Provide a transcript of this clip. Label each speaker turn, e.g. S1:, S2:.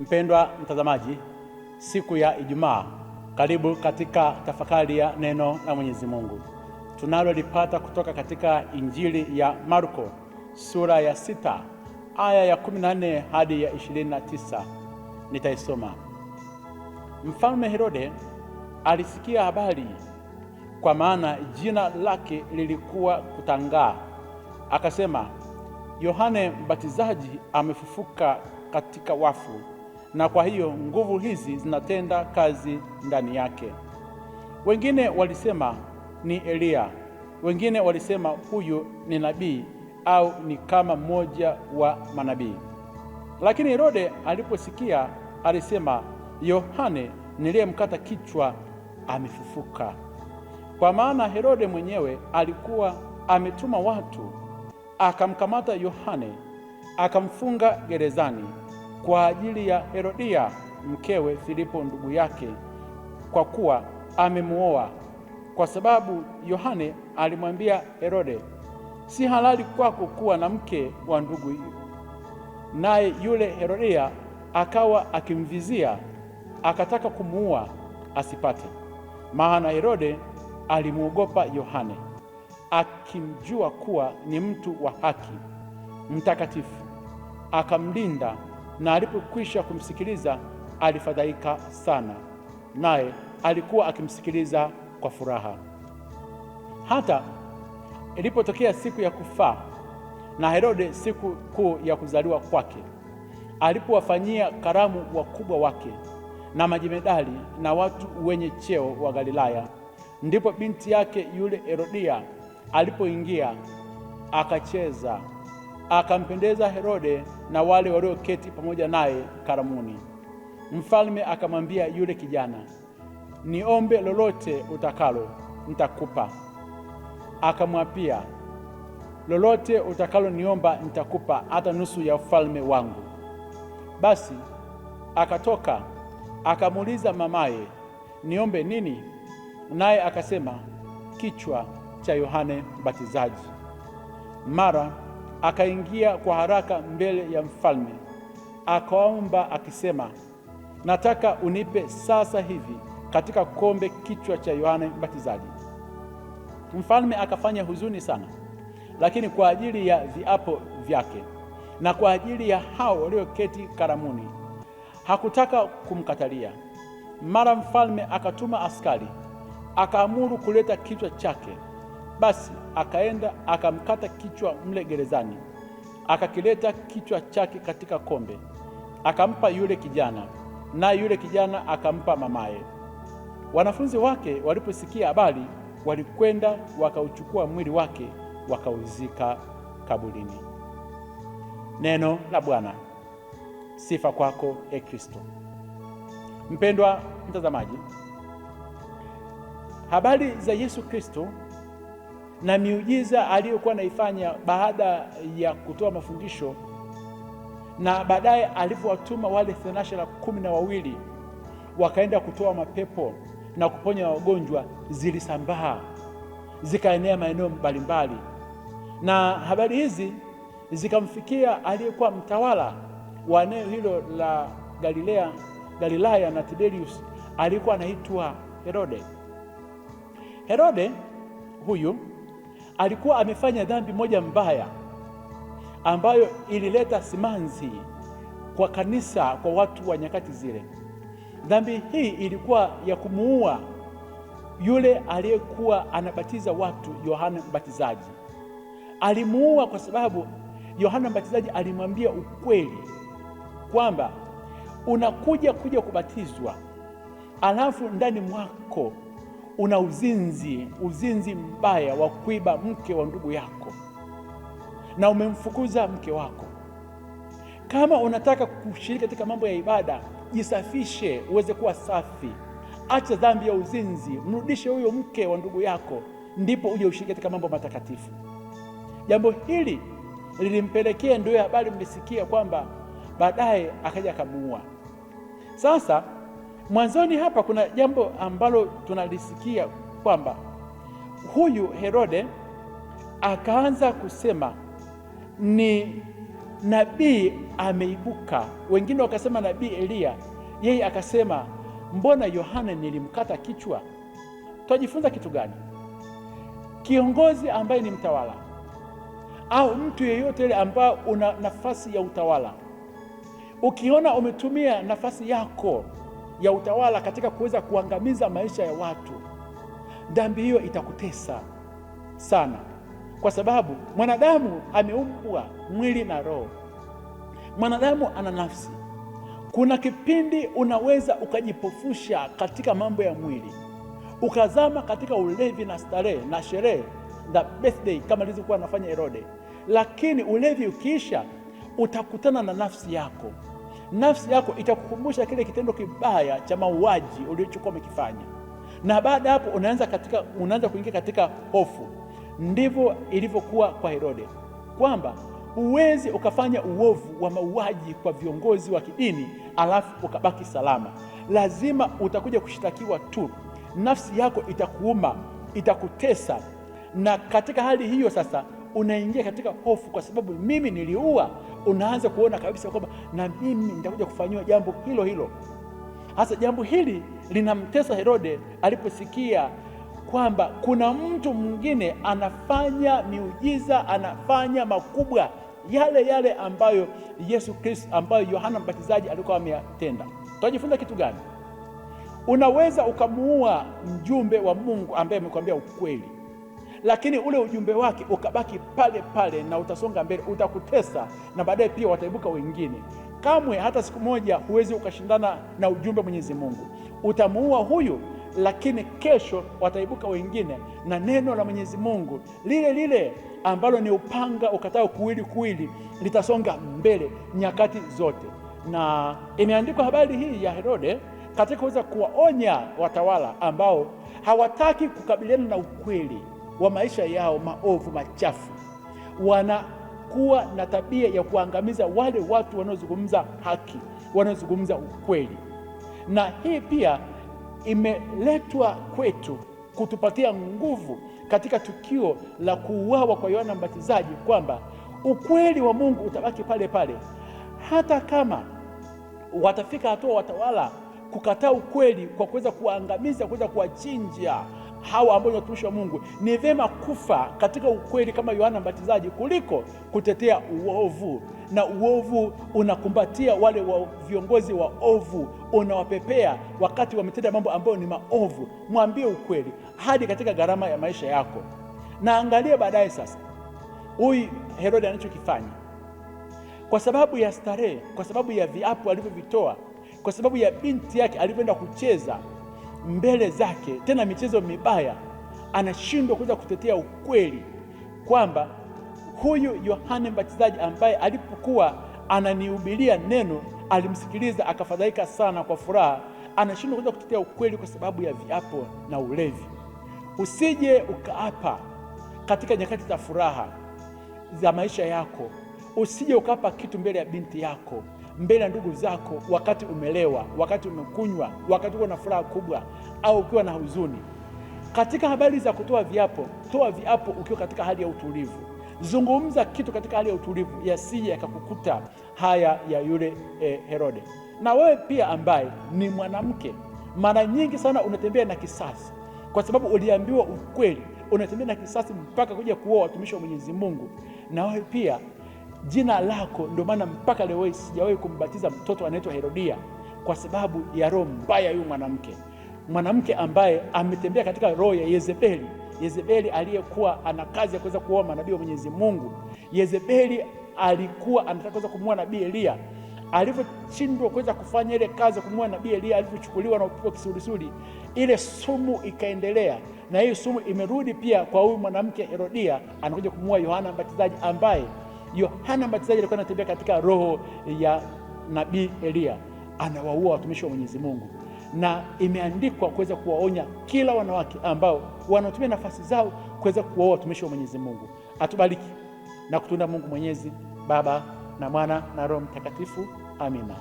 S1: Mpendwa mtazamaji, siku ya Ijumaa, karibu katika tafakari ya neno la Mwenyezi Mungu tunalolipata kutoka katika Injili ya Marko sura ya sita aya ya kumi na nne hadi ya ishirini na tisa. Nitaisoma. Mfalme Herode alisikia habari, kwa maana jina lake lilikuwa kutangaa, akasema, Yohane Mbatizaji amefufuka katika wafu na kwa hiyo nguvu hizi zinatenda kazi ndani yake. Wengine walisema ni Eliya, wengine walisema huyu ni nabii au ni kama mmoja wa manabii. Lakini Herode aliposikia alisema, Yohane niliyemkata kichwa amefufuka. Kwa maana Herode mwenyewe alikuwa ametuma watu akamkamata Yohane akamfunga gerezani kwa ajili ya Herodia mkewe Filipo ndugu yake, kwa kuwa amemuoa, kwa sababu Yohane alimwambia Herode, si halali kwako kuwa na mke wa ndugu hiyo. Naye yule Herodia akawa akimvizia, akataka kumuua asipate, maana Herode alimwogopa Yohane, akimjua kuwa ni mtu wa haki mtakatifu, akamlinda na alipokwisha kumsikiliza alifadhaika sana, naye alikuwa akimsikiliza kwa furaha. Hata ilipotokea siku ya kufaa na Herode siku kuu ya kuzaliwa kwake, alipowafanyia karamu wakubwa wake na majimedali na watu wenye cheo wa Galilaya, ndipo binti yake yule Herodia alipoingia akacheza akampendeza Herode na wale walioketi pamoja naye karamuni. Mfalme akamwambia yule kijana, niombe lolote utakalo nitakupa. Akamwapia, lolote utakalo niomba nitakupa, hata nusu ya ufalme wangu. Basi akatoka akamuuliza mamaye, niombe nini? Naye akasema, kichwa cha Yohane Mbatizaji. Mara Akaingia kwa haraka mbele ya mfalme, akaomba akisema, nataka unipe sasa hivi katika kombe kichwa cha Yohane Mbatizaji. Mfalme akafanya huzuni sana, lakini kwa ajili ya viapo vyake na kwa ajili ya hao walioketi karamuni hakutaka kumkatalia. Mara mfalme akatuma askari, akaamuru kuleta kichwa chake. Basi akaenda akamkata kichwa mle gerezani, akakileta kichwa chake katika kombe, akampa yule kijana, naye yule kijana akampa mamaye. Wanafunzi wake waliposikia habari, walikwenda wakauchukua mwili wake wakauzika kaburini. Neno la Bwana. Sifa kwako e Kristo. Mpendwa mtazamaji, habari za Yesu Kristo na miujiza aliyokuwa anaifanya baada ya kutoa mafundisho na baadaye alipowatuma wale thenashara kumi na wawili wakaenda kutoa mapepo na kuponya wagonjwa, zilisambaa zikaenea maeneo mbalimbali, na habari hizi zikamfikia aliyekuwa mtawala wa eneo hilo la Galilea, Galilaya na Tiberius, aliyekuwa anaitwa Herode. Herode huyu alikuwa amefanya dhambi moja mbaya ambayo ilileta simanzi kwa kanisa, kwa watu wa nyakati zile. Dhambi hii ilikuwa ya kumuua yule aliyekuwa anabatiza watu, Yohana Mbatizaji. Alimuua kwa sababu Yohana Mbatizaji alimwambia ukweli kwamba unakuja kuja kubatizwa, alafu ndani mwako una uzinzi, uzinzi mbaya wa kuiba mke wa ndugu yako na umemfukuza mke wako. Kama unataka kushiriki katika mambo ya ibada, jisafishe uweze kuwa safi, acha dhambi ya uzinzi, mrudishe huyo mke wa ndugu yako, ndipo uje ushiriki katika mambo matakatifu. Jambo hili lilimpelekea, ndio habari mmesikia kwamba baadaye akaja akamuua. Sasa Mwanzoni hapa kuna jambo ambalo tunalisikia kwamba huyu Herode akaanza kusema ni nabii ameibuka, wengine wakasema nabii Eliya, yeye akasema mbona Yohana nilimkata kichwa. Twajifunza kitu gani? Kiongozi ambaye ni mtawala au mtu yeyote ile ambaye una nafasi ya utawala, ukiona umetumia nafasi yako ya utawala katika kuweza kuangamiza maisha ya watu, dhambi hiyo itakutesa sana, kwa sababu mwanadamu ameumbwa mwili na roho. Mwanadamu ana nafsi. Kuna kipindi unaweza ukajipofusha katika mambo ya mwili, ukazama katika ulevi na starehe na sherehe za birthday kama nilizokuwa nafanya Herode, lakini ulevi ukiisha utakutana na nafsi yako nafsi yako itakukumbusha kile kitendo kibaya cha mauaji ulichokuwa umekifanya, na baada hapo unaanza katika unaanza kuingia katika hofu. Ndivyo ilivyokuwa kwa Herode, kwamba huwezi ukafanya uovu wa mauaji kwa viongozi wa kidini alafu ukabaki salama. Lazima utakuja kushitakiwa tu, nafsi yako itakuuma, itakutesa. Na katika hali hiyo sasa unaingia katika hofu, kwa sababu mimi niliua. Unaanza kuona kabisa kwamba na mimi nitakuja kufanyiwa jambo hilo hilo. Hasa jambo hili linamtesa Herode aliposikia kwamba kuna mtu mwingine anafanya miujiza, anafanya makubwa yale yale ambayo Yesu Kristo, ambayo Yohana Mbatizaji alikuwa ameyatenda. Tunajifunza kitu gani? Unaweza ukamuua mjumbe wa Mungu ambaye amekwambia ukweli lakini ule ujumbe wake ukabaki pale pale, na utasonga mbele, utakutesa na baadaye pia wataibuka wengine. Kamwe hata siku moja huwezi ukashindana na ujumbe wa Mwenyezi Mungu. Utamuua huyu, lakini kesho wataibuka wengine, na neno la Mwenyezi Mungu lile lile ambalo ni upanga ukatao kuwili kuwili litasonga mbele nyakati zote. Na imeandikwa habari hii ya Herode katika kuweza kuwaonya watawala ambao hawataki kukabiliana na ukweli wa maisha yao maovu machafu, wanakuwa na tabia ya kuangamiza wale watu wanaozungumza haki, wanaozungumza ukweli. Na hii pia imeletwa kwetu kutupatia nguvu katika tukio la kuuawa kwa Yohana Mbatizaji, kwamba ukweli wa Mungu utabaki pale pale, hata kama watafika hatua watawala kukataa ukweli kwa kuweza kuwaangamiza kuweza kuwachinja hawa ambao ni watumishi wa Mungu, ni vema kufa katika ukweli kama Yohana Mbatizaji kuliko kutetea uovu, na uovu unakumbatia wale wa viongozi wa ovu, unawapepea wakati wametenda mambo ambayo ni maovu. Mwambie ukweli hadi katika gharama ya maisha yako. Na angalia baadaye sasa, huyu Herode anachokifanya kwa sababu ya starehe, kwa sababu ya viapo alivyovitoa, kwa sababu ya binti yake alivyoenda kucheza mbele zake, tena michezo mibaya, anashindwa kuweza kutetea ukweli kwamba huyu Yohane Mbatizaji ambaye alipokuwa ananihubiria neno alimsikiliza akafadhaika sana kwa furaha, anashindwa kuweza kutetea ukweli kwa sababu ya viapo na ulevi. Usije ukaapa katika nyakati za furaha za maisha yako, usije ukaapa kitu mbele ya binti yako mbele ya ndugu zako, wakati umelewa, wakati umekunywa, wakati uko na furaha kubwa, au ukiwa na huzuni. Katika habari za kutoa viapo, toa viapo ukiwa katika hali ya utulivu. Zungumza kitu katika hali ya utulivu, yasije yakakukuta haya ya yule eh, Herode. Na wewe pia ambaye ni mwanamke, mara nyingi sana unatembea na kisasi, kwa sababu uliambiwa ukweli, unatembea na kisasi mpaka kuja kuoa watumishi wa Mwenyezi Mungu. Na wewe pia jina lako. Ndio maana mpaka leo sijawahi kumbatiza mtoto anaitwa Herodia kwa sababu ya roho mbaya huyu mwanamke, mwanamke ambaye ametembea katika roho ya Yezebeli. Yezebeli aliyekuwa ana kazi ya kuweza kuoa manabii wa Mwenyezi Mungu. Yezebeli alikuwa anataka kuweza kumua nabii Eliya, alivyoshindwa kuweza kufanya ile kazi ya kumua nabii Eliya, alivyochukuliwa na upepo kisulisuli, ile sumu ikaendelea, na hii sumu imerudi pia kwa huyu mwanamke Herodia, anakuja kumua Yohana Mbatizaji ambaye Yohana Mbatizaji alikuwa anatembea katika roho ya nabii Eliya, anawaua watumishi wa Mwenyezi Mungu, na imeandikwa kuweza kuwaonya kila wanawake ambao wanatumia nafasi zao kuweza kuwaua watumishi wa Mwenyezi Mungu. Atubariki na kutunda Mungu Mwenyezi, Baba na Mwana na Roho Mtakatifu. Amina.